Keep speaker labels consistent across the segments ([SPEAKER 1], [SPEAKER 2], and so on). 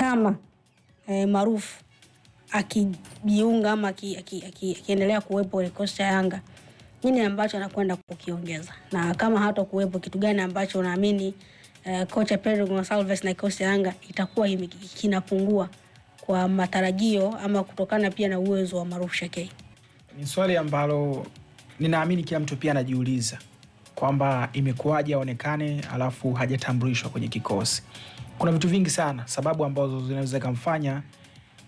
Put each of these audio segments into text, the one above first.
[SPEAKER 1] kama eh, maarufu akijiunga ama akiendelea aki, aki, aki kuwepo kikosi cha Yanga, nini ambacho anakwenda kukiongeza, na kama hata kuwepo, kitu gani ambacho unaamini eh, kocha Pedro Gonçalves na kikosi cha Yanga itakuwa kinapungua kwa matarajio ama kutokana pia na uwezo wa Maruf Shakei?
[SPEAKER 2] Ni swali ambalo ninaamini kila mtu pia anajiuliza kwamba imekuwaje aonekane alafu hajatambulishwa kwenye kikosi. Kuna vitu vingi sana sababu ambazo zinaweza kumfanya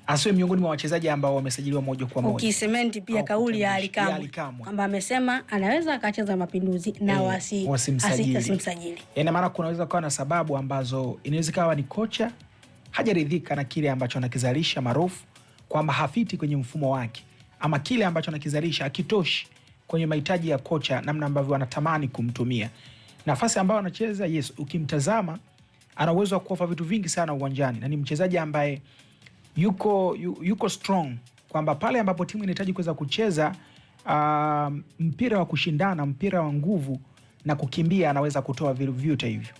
[SPEAKER 2] asiwe miongoni mwa wachezaji ambao wamesajiliwa moja kwa moja.
[SPEAKER 1] Ukisementi pia kauli ya Alikamwe kwamba amesema anaweza akacheza Mapinduzi na e, wasi, wasimsajili. Ina
[SPEAKER 2] eh, maana kunaweza kuwa na sababu ambazo inaweza kawa ni kocha hajaridhika na kile ambacho anakizalisha maarufu kwamba hafiti kwenye mfumo wake ama kile ambacho anakizalisha akitoshi kwenye mahitaji ya kocha, namna ambavyo anatamani kumtumia, nafasi ambayo anacheza. Yes, ukimtazama ana uwezo wa kuofa vitu vingi sana uwanjani na ni mchezaji ambaye yuko, yuko strong kwamba pale ambapo timu inahitaji kuweza kucheza uh, mpira wa kushindana, mpira wa nguvu na kukimbia, anaweza kutoa vyote hivyo,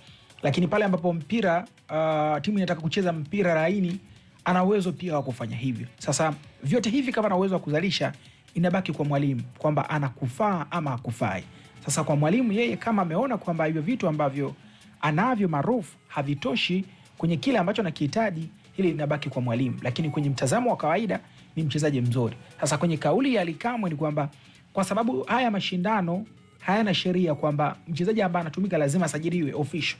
[SPEAKER 2] lakini pale ambapo mpira uh, timu inataka kucheza mpira laini, ana uwezo pia wa kufanya hivyo. Sasa vyote hivi kama ana uwezo wa kuzalisha inabaki kwa mwalimu kwamba anakufaa ama akufai Sasa kwa mwalimu yeye, kama ameona kwamba hivyo vitu ambavyo anavyo maarufu havitoshi kwenye kile ambacho anakihitaji, hili linabaki kwa mwalimu, lakini kwenye mtazamo wa kawaida ni mchezaji mzuri. Sasa kwenye kauli ya Ally Kamwe ni kwamba kwa sababu haya mashindano hayana sheria kwamba mchezaji ambaye anatumika lazima asajiliwe official,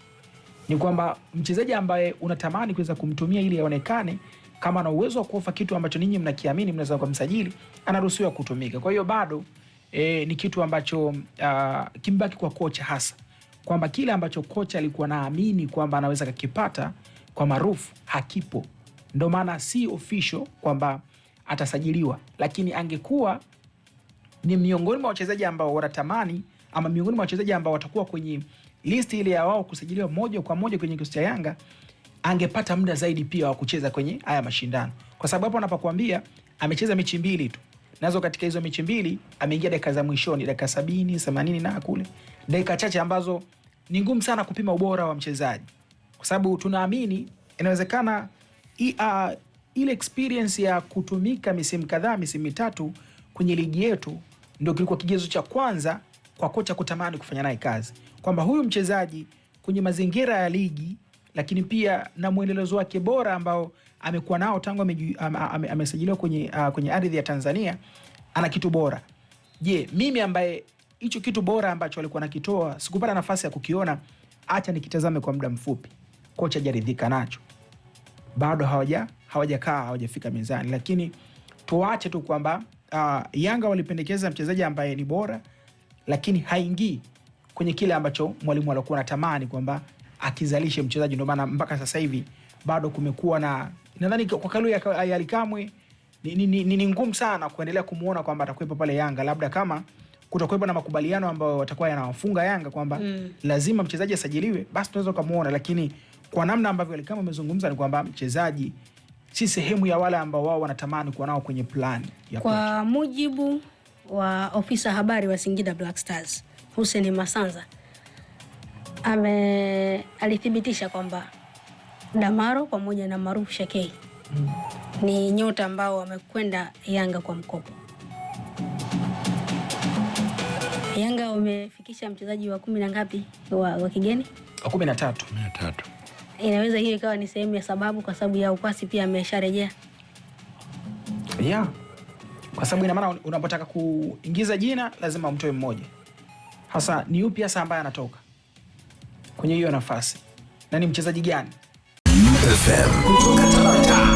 [SPEAKER 2] ni kwamba mchezaji ambaye unatamani kuweza kumtumia ili aonekane kama ana uwezo wa kuofa kitu ambacho ninyi mnakiamini, mnaweza kumsajili, anaruhusiwa kutumika. Kwa hiyo bado e, ni kitu ambacho uh, kimbaki kwa kocha hasa kwamba kile ambacho kocha alikuwa naamini kwamba anaweza kakipata kwa marufu hakipo, ndo maana si official kwamba atasajiliwa, lakini angekuwa ni miongoni mwa wachezaji ambao wanatamani ama miongoni mwa wachezaji ambao watakuwa kwenye listi ile ya wao kusajiliwa moja kwa moja kwenye kikosi cha Yanga angepata muda zaidi pia wa kucheza kwenye haya mashindano, kwa sababu hapo anapokuambia amecheza mechi mbili tu, nazo katika hizo mechi mbili ameingia dakika za mwishoni, dakika sabini, themanini na kule dakika chache ambazo ni ngumu sana kupima ubora wa mchezaji, kwa sababu tunaamini inawezekana uh, ile experience ya kutumika misimu kadhaa, misimu mitatu kwenye ligi yetu ndio kilikuwa kigezo cha kwanza kwa kocha kutamani kufanya naye kazi, kwamba huyu mchezaji kwenye mazingira ya ligi lakini pia na mwendelezo wake bora ambao amekuwa nao tangu amesajiliwa ame, kwenye, uh, kwenye ardhi ya Tanzania ana kitu bora. Je, mimi ambaye hicho kitu bora ambacho alikuwa nakitoa sikupata nafasi ya kukiona, acha nikitazame kwa muda mfupi. Kocha hajaridhika nacho bado, hawaja hawajakaa hawajafika mezani, lakini tuache tu kwamba uh, Yanga walipendekeza mchezaji ambaye ni bora, lakini haingii kwenye kile ambacho mwalimu alikuwa anatamani kwamba akizalishe mchezaji. Ndio maana mpaka sasa hivi bado kumekuwa na nadhani kwa kalu ya Alikamwe ni, ni, ni, ni ngumu sana kuendelea kumuona kwamba atakuwepo pale Yanga, labda kama kutakuwepo na makubaliano ambayo watakuwa yanawafunga Yanga kwamba mm. lazima mchezaji asajiliwe, basi tunaweza ukamuona, lakini kwa namna ambavyo Alikamwe amezungumza ni kwamba mchezaji si sehemu ya wale ambao wao wanatamani kuwa nao kwenye plani ya
[SPEAKER 1] kwa mujibu wa ofisa habari wa Singida Black Stars Hussein Masanza ame alithibitisha kwamba Damaro pamoja na Maruf Shakei mm. ni nyota ambao wamekwenda Yanga kwa mkopo. Yanga wamefikisha mchezaji wa kumi na ngapi wa, wa kigeni kumi na tatu. Inaweza hiyo ikawa ni sehemu ya sababu, kwa sababu ya ukwasi pia amesharejea
[SPEAKER 2] yeah. Kwa sababu ina maana unapotaka kuingiza jina lazima umtoe mmoja. Hasa ni yupi hasa ambaye anatoka kwenye hiyo nafasi na ni mchezaji gani? FM